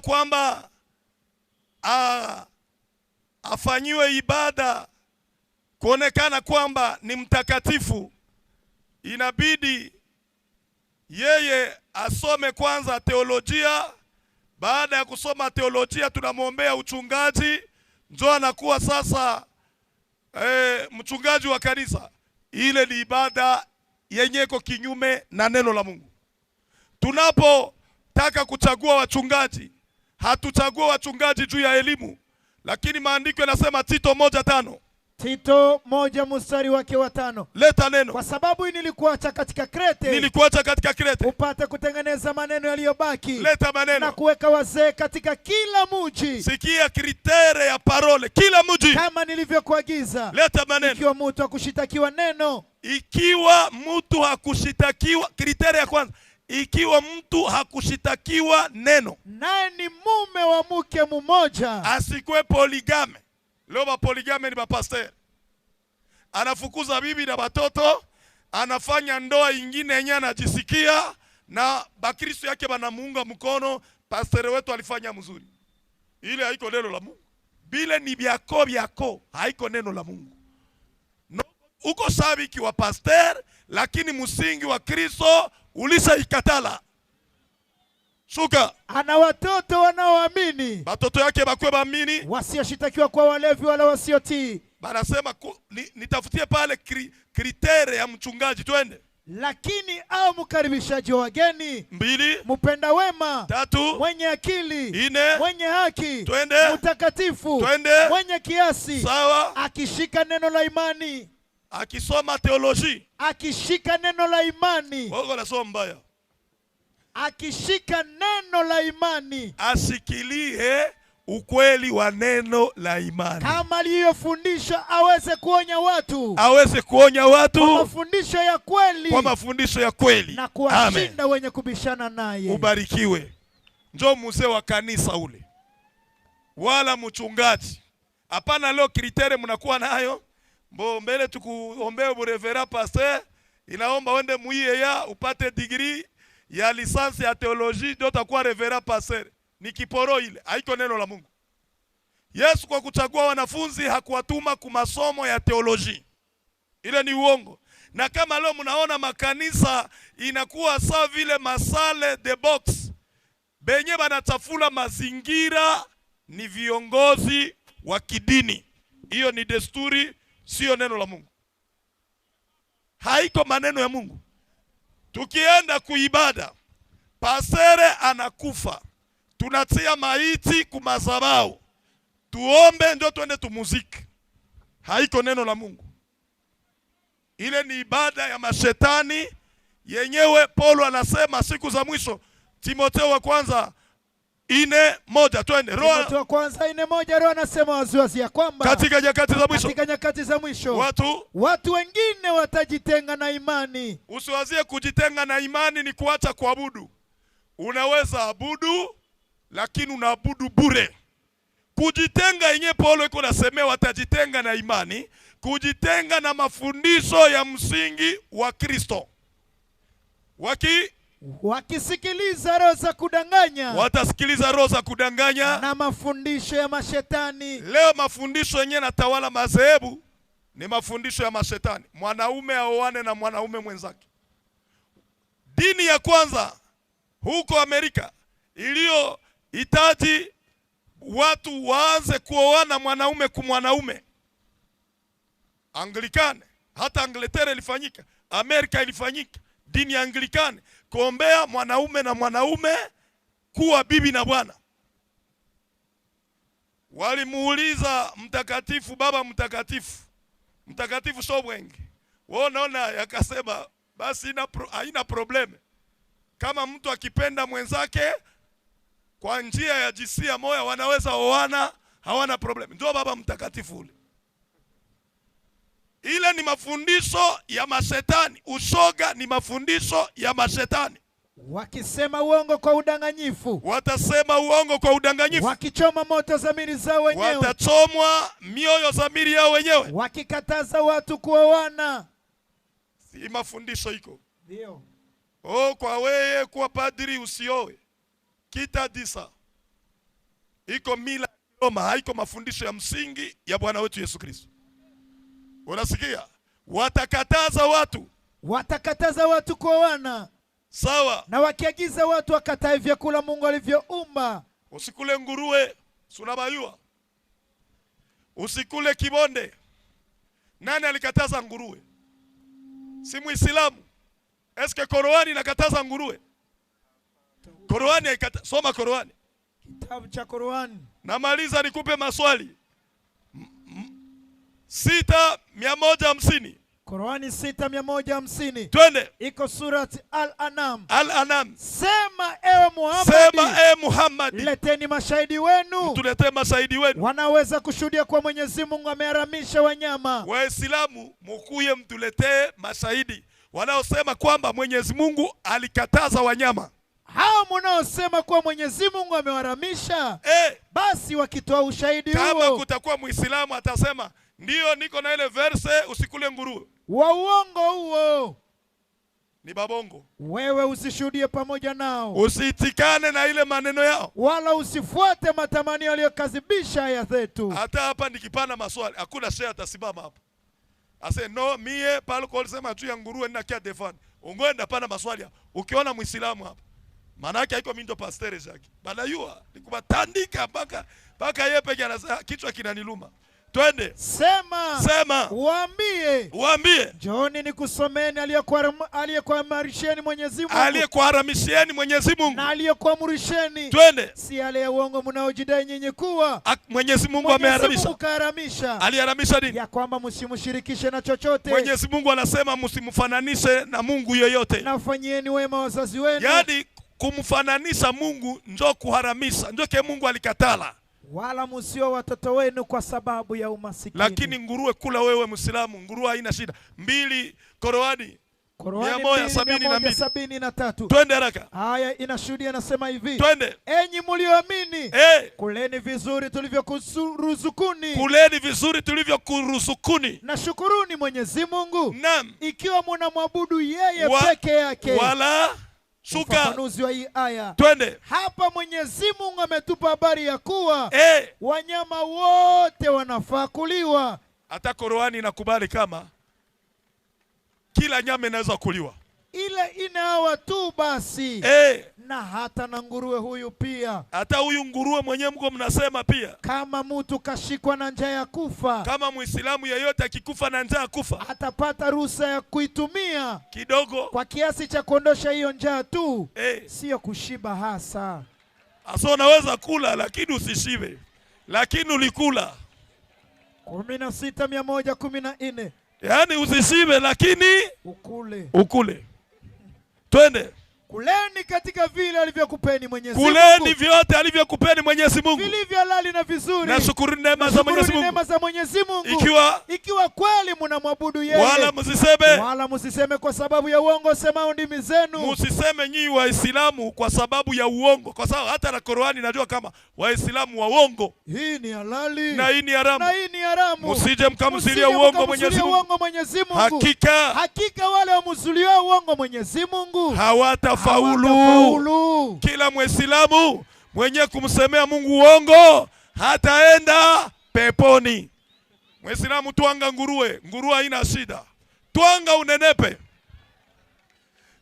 kwamba a, afanyiwe ibada kuonekana kwamba ni mtakatifu, inabidi yeye asome kwanza teolojia. Baada ya kusoma teolojia, tunamwombea uchungaji, ndio anakuwa sasa e, mchungaji wa kanisa. Ile ni ibada yenye iko kinyume na neno la Mungu. Tunapotaka kuchagua wachungaji hatuchagua wachungaji juu ya elimu, lakini maandiko yanasema Tito moja tano Tito moja mstari wake wa tano. Leta neno. Kwa sababu nilikuacha katika Krete. Nilikuacha katika Krete. Upate kutengeneza maneno yaliyobaki. Leta maneno. Na kuweka wazee katika kila mji. Sikia kritere ya parole, kila mji. Kama nilivyokuagiza. Leta maneno. Ikiwa mtu hakushitakiwa neno. Ikiwa mtu hakushitakiwa, kritere ya kwanza ikiwa mtu hakushitakiwa neno, naye ni mume wa mke mmoja, asikwe poligame. Leo bapoligame ni bapaster anafukuza bibi na batoto, anafanya ndoa ingine yenye anajisikia, na bakristo yake banamuunga mkono. Pasteri wetu alifanya mzuri, ile haiko neno la Mungu, bile ni byako byako, haiko neno la Mungu. No, uko sabiki wa pasteur, lakini msingi wa Kristo ulishaikatala shuka ana watoto wanaoamini batoto yake bakwe baamini wasioshitakiwa kwa walevi wala wasiotii banasema ni, nitafutie pale kri, kritere ya mchungaji twende lakini au mkaribishaji wa wageni mbili mpenda wema tatu mwenye akili ine mwenye haki twende mtakatifu twende mwenye kiasi sawa akishika neno la imani akisoma teoloji, akishika neno la imani, wako mbaya, akishika neno la imani, asikilie ukweli wa neno la imani kama aliyofundisha, aweze kuonya watu, aweze kuonya watu kwa mafundisho ya kweli, kwa mafundisho ya kweli na kuwashinda wenye kubishana naye. Ubarikiwe. Njoo mzee wa kanisa ule, wala mchungaji, hapana. Leo kriteri mnakuwa nayo mbo mbele tukuombee burevera pasteur inaomba wende muiye ya upate digri ya lisansi ya teoloji ndio utakuwa revera pasteur. Ni kiporo ile, haiko neno la Mungu. Yesu kwa kuchagua wanafunzi hakuwatuma kumasomo ya teoloji, ile ni uongo. Na kama leo mnaona makanisa inakuwa saa vile masale de box, benye banachafula mazingira ni viongozi wa kidini. Hiyo ni desturi siyo neno la Mungu, haiko maneno ya Mungu. Tukienda kuibada pasere anakufa, tunatia maiti kumazabau, tuombe ndio twende tumuziki, haiko neno la Mungu. Ile ni ibada ya mashetani yenyewe. Paulo anasema siku za mwisho, Timotheo wa kwanza ine moja twende. Roho kwanza ine moja, roa anasema waziwazi ya kwamba katika nyakati za mwisho, katika nyakati za mwisho watu watu wengine watajitenga na imani. Usiwazie kujitenga na imani ni kuacha kuabudu. Unaweza abudu, lakini unaabudu bure. Kujitenga yenyewe Paulo iko nasemea, watajitenga na imani, kujitenga na mafundisho ya msingi wa Kristo waki wakisikiliza roho za kudanganya, watasikiliza roho za kudanganya na mafundisho ya mashetani. Leo mafundisho yenyewe natawala madhehebu ni mafundisho ya mashetani, mwanaume aoane na mwanaume mwenzake. Dini ya kwanza huko Amerika iliyohitaji watu waanze kuoana mwanaume kwa mwanaume, Anglikane, hata angletera ilifanyika, Amerika ilifanyika, dini ya Anglikane kuombea mwanaume na mwanaume kuwa bibi na bwana. Walimuuliza mtakatifu baba mtakatifu mtakatifu Sobwengi, wewe unaona? Yakasema basi haina probleme kama mtu akipenda mwenzake kwa njia ya jinsia moya wanaweza oana, hawana problem. Ndio baba mtakatifu ule. Ile ni mafundisho ya mashetani Ushoga ni mafundisho ya mashetani. Wakisema uongo kwa udanganyifu, watasema uongo kwa udanganyifu. Wakichoma moto dhamiri zao wenyewe, watachomwa mioyo dhamiri yao wenyewe. Wakikataza watu kuoana, si mafundisho iko ndio? Oh, kwa wewe kuwa padri usioe kita disa, iko mila Roma, haiko mafundisho ya msingi ya Bwana wetu Yesu Kristo. Unasikia? Watakataza watu, watakataza watu kwa wana sawa, na wakiagiza watu wakatae vyakula Mungu alivyoumba. Usikule nguruwe, sunabayua, usikule kibonde. Nani alikataza nguruwe? Si Muislamu? Eske Qur'ani inakataza nguruwe? Qur'ani haikata. Soma Qur'ani, kitabu cha Qur'ani. Namaliza nikupe maswali sita mia moja hamsini sita mia moja hamsini twende, iko surati Al-Anam. Al-Anam, sema ewe Muhammad, sema ewe Muhammad, leteni mashahidi wenu, tuletee mashahidi wenu wanaweza kushuhudia kuwa Mwenyezi Mungu ameharamisha wanyama. Waislamu mukuye, mtuletee mashahidi wanaosema kwamba Mwenyezi Mungu alikataza wanyama hao munaosema kuwa Mwenyezi Mungu amewaramisha e, basi wakitoa ushahidi huo, kama kutakuwa Muislamu atasema Ndiyo, niko na ile verse, usikule nguruwe. Wa uongo huo ni babongo. Wewe usishuhudie pamoja nao, usiitikane na ile maneno yao, wala usifuate matamanio yaliyokadhibisha ya zetu. Hata hapa nikipana maswali, hakuna shehe atasimama hapa ase no, mie palokolisema tu ya nguruwe ninakia defani ungwenda pana maswali hapa. Ukiona Muislamu hapa maana yake haiko mindo pastere zake, bala yua nikubatandika mpaka mpaka yeye peke anasema kichwa kinaniluma twende. Sema, sema, waambie, waambie, njooni nikusomeni aliyekuamarisheni Mwenyezi Mungu, aliyekuharamisheni Mwenyezi Mungu na aliyekuamrisheni, twende, si yale ya uongo mnaojidai nyinyi kuwa. Mwenyezi Mungu ameharamisha, aliharamisha nini? Ya kwamba msimshirikishe na chochote. Mwenyezi Mungu anasema msimfananishe na Mungu yeyote, nafanyieni wema wazazi wenu, yaani kumfananisha Mungu njo kuharamisha, njo ke Mungu alikatala wala musio watoto wenu kwa sababu ya umasikini. Lakini nguruwe kula, wewe Muislamu, nguruwe haina shida. mbili Koroani Koroani sabini na tatu. Twende haraka. Haya inashuhudia nasema hivi. Twende. Enyi mlioamini, hey, eh. kuleni vizuri tulivyokuruzukuni. Kuleni vizuri tulivyokuruzukuni. Na shukuruni Mwenyezi Mungu. Naam. Ikiwa mnamwabudu yeye Wa, peke yake. Wala Shuka wa hii aya. Twende. Hapa Mwenyezi Mungu ametupa habari ya kuwa e, wanyama wote wanafaa kuliwa. Hata na inakubali kama kila nyama inaweza kuliwa, ile inawa tu basi e na hata na nguruwe huyu pia, hata huyu nguruwe mwenyewe mko mnasema pia, kama mtu kashikwa na njaa ya kufa, kama Muislamu yeyote akikufa na njaa kufa, atapata ruhusa ya kuitumia kidogo kwa kiasi cha kuondosha hiyo njaa tu, hey. Eh. Sio kushiba hasa hasa. Unaweza kula lakini usishibe, lakini ulikula. kumi na sita mia moja kumi na nne yaani usishibe lakini ukule, ukule. twende Kuleni katika vile alivyokupeni Mwenyezi Mungu. Kuleni vyote alivyokupeni Mwenyezi Mungu. Vilivyo halali na vizuri. Na shukuru neema za Mwenyezi Mungu. Neema za Mwenyezi Mungu. Ikiwa ikiwa kweli mnamwabudu yeye. Wala msiseme. Wala msiseme kwa sababu ya uongo semao ndimi zenu. Msiseme nyinyi Waislamu kwa sababu ya uongo. Kwa sababu hata na Qur'ani najua kama Waislamu wa uongo. Hii ni halali. Na hii ni haramu. Na hii ni haramu. Msije mkamzulia uongo Mwenyezi Mungu. Uongo Mwenyezi Mungu. Hakika. Hakika wale wamzulia uongo Mwenyezi Mungu. Hawata hawatafaulu. kila Mwislamu mwenye kumsemea Mungu uongo hataenda peponi. Mwislamu twanga nguruwe, nguruwe haina shida, twanga unenepe.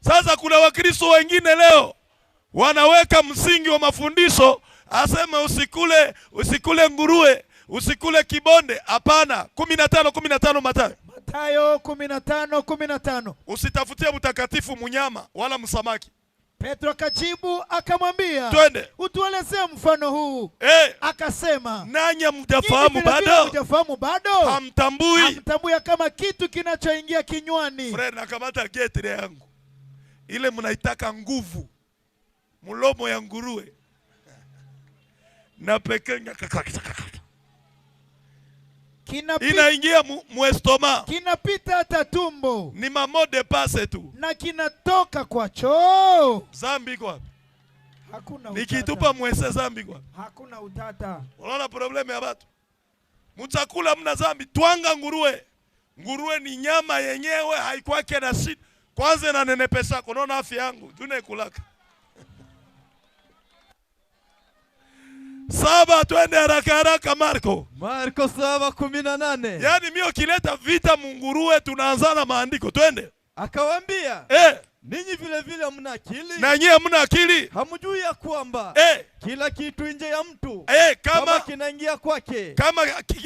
Sasa kuna Wakristo wengine leo wanaweka msingi wa mafundisho, aseme usikule, usikule nguruwe, usikule kibonde. Hapana, kumi na tano kumi na tano Mathayo Mathayo 15:15. Usitafutie mtakatifu munyama wala msamaki. Petro akajibu akamwambia, twende utuelezee mfano huu. Hey, eh. akasema nanye mtafahamu bado, mtafahamu bado, hamtambui hamtambui kama kitu kinachoingia kinywani. Fred, nakamata geti yangu ile mnaitaka nguvu, mlomo ya nguruwe na pekenya inaingia mwestoma, kinapita hata tumbo, ni mamode pase tu, na kinatoka kwa choo. Zambi kwa Hakuna utata. Nikitupa mwese zambi kwa. Hakuna utata. Unaona problemu ya watu. mtakula mna zambi, twanga nguruwe. Nguruwe ni nyama yenyewe haikwake na shida. Kwanza inanenepesha, unaona afya yangu. Tunaekulaka. saba twende haraka haraka Marko. Marko saba kumi na nane. Yaani mimi ukileta vita munguruwe tunaanzana maandiko twende. Akawambia eh. Ninyi vile vile hamna akili. Na nyinyi hamna akili. Hamjui ya kwamba eh, kila kitu nje ya mtu eh, kama, kama kinaingia kwake, kama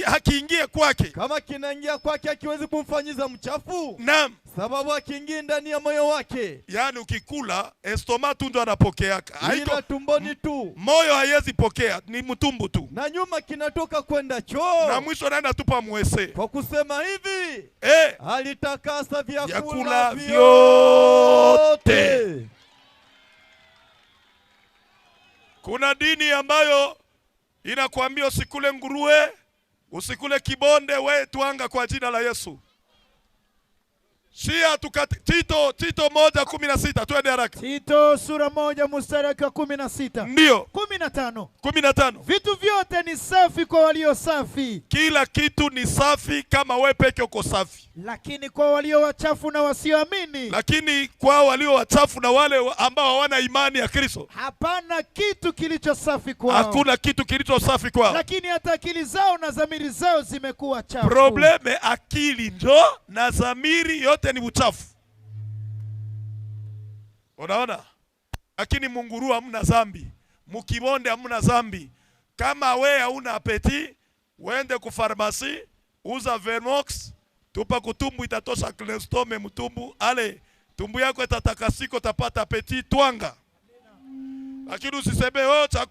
hakiingie kwake, kama kinaingia kwake hakiwezi kumfanyiza mchafu. Naam. Sababu akiingia ndani ya moyo wake. Yaani ukikula estomatu ndo anapokea. Haiko tumboni tu. Moyo haiwezi pokea, ni mtumbu tu. Na nyuma kinatoka kwenda choo. Na mwisho naenda tupa mwese. Kwa kusema hivi, eh, alitakasa vyakula vyote yote. Kuna dini ambayo inakuambia usikule nguruwe, usikule kibonde, we tuanga kwa jina la Yesu. Shia tukati, Tito, Tito moja kumi na sita twende haraka. Tito sura moja mstari wa kumi na sita ndio kumi na tano kumi na tano vitu vyote ni safi kwa walio safi, kila kitu ni safi kama we peke uko safi, lakini kwa walio wachafu na wasioamini, lakini kwa walio wachafu na wale ambao hawana imani ya Kristo, hapana kitu kilicho safi kwao, hakuna kitu kilicho safi kwao, lakini hata akili zao na dhamiri zao zimekuwa chafu. Probleme akili njo na dhamiri yote wote ni uchafu. Unaona? Lakini munguru hamna zambi, mkibonde hamna zambi. Kama we hauna apeti, uende kufarmasi, uza Vermox, tupa kutumbu itatosha klestome mtumbu, ale tumbu yako itatakasiko, tapata apeti twanga. Lakini usiseme oh